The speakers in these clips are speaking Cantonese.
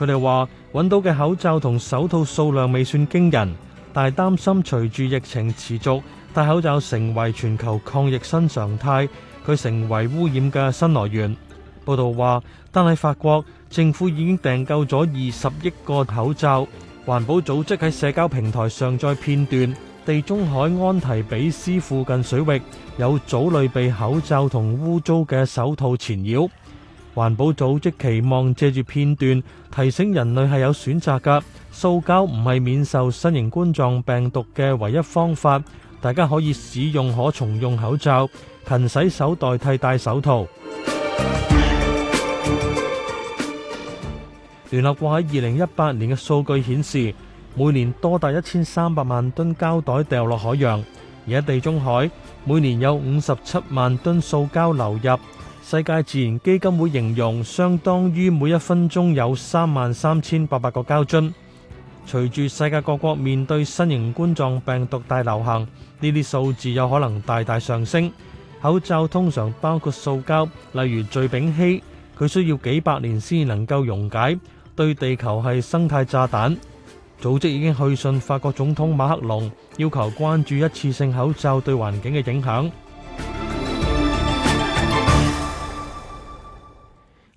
佢哋話揾到嘅口罩同手套數量未算驚人，但係擔心隨住疫情持續，戴口罩成為全球抗疫新常態，佢成為污染嘅新來源。報道話，但喺法國政府已經訂購咗二十億個口罩。環保組織喺社交平台上載片段，地中海安提比斯附近水域有藻類被口罩同污糟嘅手套纏繞。環保組織期望借住片段提醒人類係有選擇噶，塑膠唔係免受新型冠狀病毒嘅唯一方法。大家可以使用可重用口罩，勤洗手代替戴手套。聯合國喺二零一八年嘅數據顯示，每年多達一千三百萬噸膠袋掉落海洋，而喺地中海，每年有五十七萬噸塑膠流入。世界自然基金會形容，相當於每一分鐘有三萬三千八百個膠樽。隨住世界各國面對新型冠狀病毒大流行，呢啲數字有可能大大上升。口罩通常包括塑膠，例如聚丙烯，佢需要幾百年先能夠溶解，對地球係生態炸彈。組織已經去信法國總統馬克龍，要求關注一次性口罩對環境嘅影響。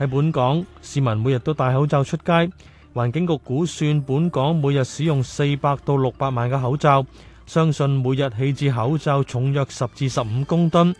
喺本港，市民每日都戴口罩出街。環境局估算本港每日使用四百到六百萬個口罩，相信每日棄置口罩重約十至十五公噸。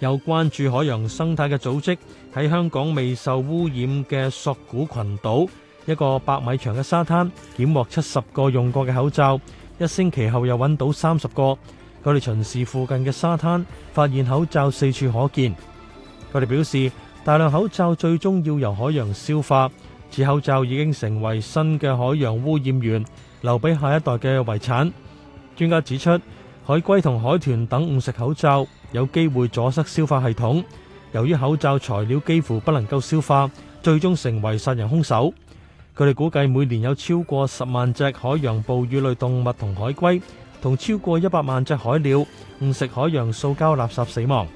有關注海洋生態嘅組織喺香港未受污染嘅索古群島，一個百米長嘅沙灘檢獲七十個用過嘅口罩，一星期後又揾到三十個。佢哋巡視附近嘅沙灘，發現口罩四處可見。佢哋表示。大量口罩最終要由海洋消化，此口罩已經成為新嘅海洋污染源，留俾下一代嘅遺產。專家指出，海龜同海豚等誤食口罩，有機會阻塞消化系統。由於口罩材料幾乎不能夠消化，最終成為殺人兇手。佢哋估計每年有超過十萬隻海洋哺乳類動物同海龜，同超過一百萬隻海鳥誤食海洋塑膠垃圾死亡。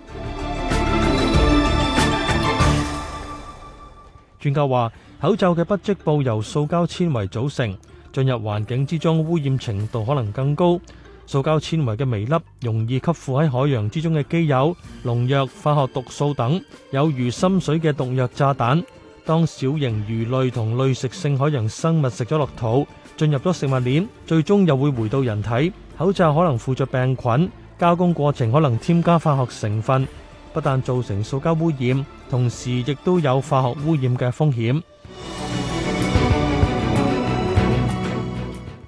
專家話：口罩嘅不織布由塑膠纖維組成，進入環境之中污染程度可能更高。塑膠纖維嘅微粒容易吸附喺海洋之中嘅機油、農藥、化學毒素等，有如深水嘅毒藥炸彈。當小型魚類同濾食性海洋生物食咗落肚，進入咗食物鏈，最終又會回到人體。口罩可能附着病菌，加工過程可能添加化學成分。不但造成塑膠污染，同時亦都有化學污染嘅風險。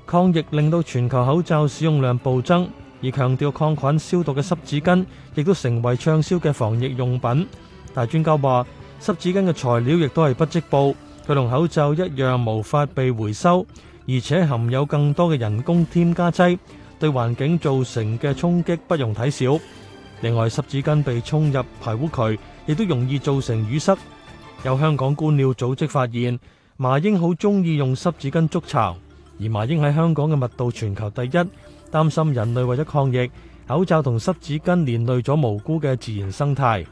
抗疫令到全球口罩使用量暴增，而強調抗菌消毒嘅濕紙巾亦都成為暢銷嘅防疫用品。但係專家話，濕紙巾嘅材料亦都係不織布，佢同口罩一樣無法被回收，而且含有更多嘅人工添加劑，對環境造成嘅衝擊不容睇小。另外，濕紙巾被沖入排污渠，亦都容易造成淤塞。有香港觀鳥組織發現，麻鷹好中意用濕紙巾築巢，而麻鷹喺香港嘅密度全球第一。擔心人類為咗抗疫，口罩同濕紙巾連累咗無辜嘅自然生態。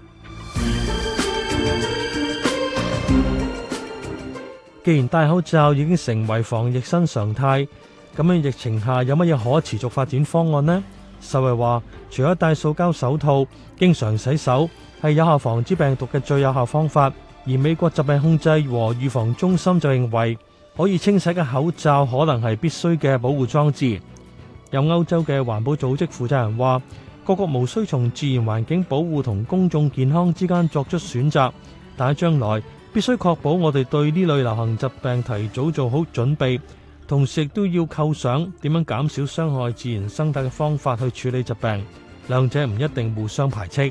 既然戴口罩已經成為防疫新常態，咁樣疫情下有乜嘢可持續發展方案呢？世衛話，除咗戴塑膠手套、經常洗手，係有效防止病毒嘅最有效方法。而美國疾病控制和預防中心就認為，可以清洗嘅口罩可能係必須嘅保護裝置。有歐洲嘅環保組織負責人話，各國無需從自然環境保護同公眾健康之間作出選擇，但喺將來必須確保我哋對呢類流行疾病提早做好準備。同時亦都要構想點樣減少傷害自然生態嘅方法去處理疾病，兩者唔一定互相排斥。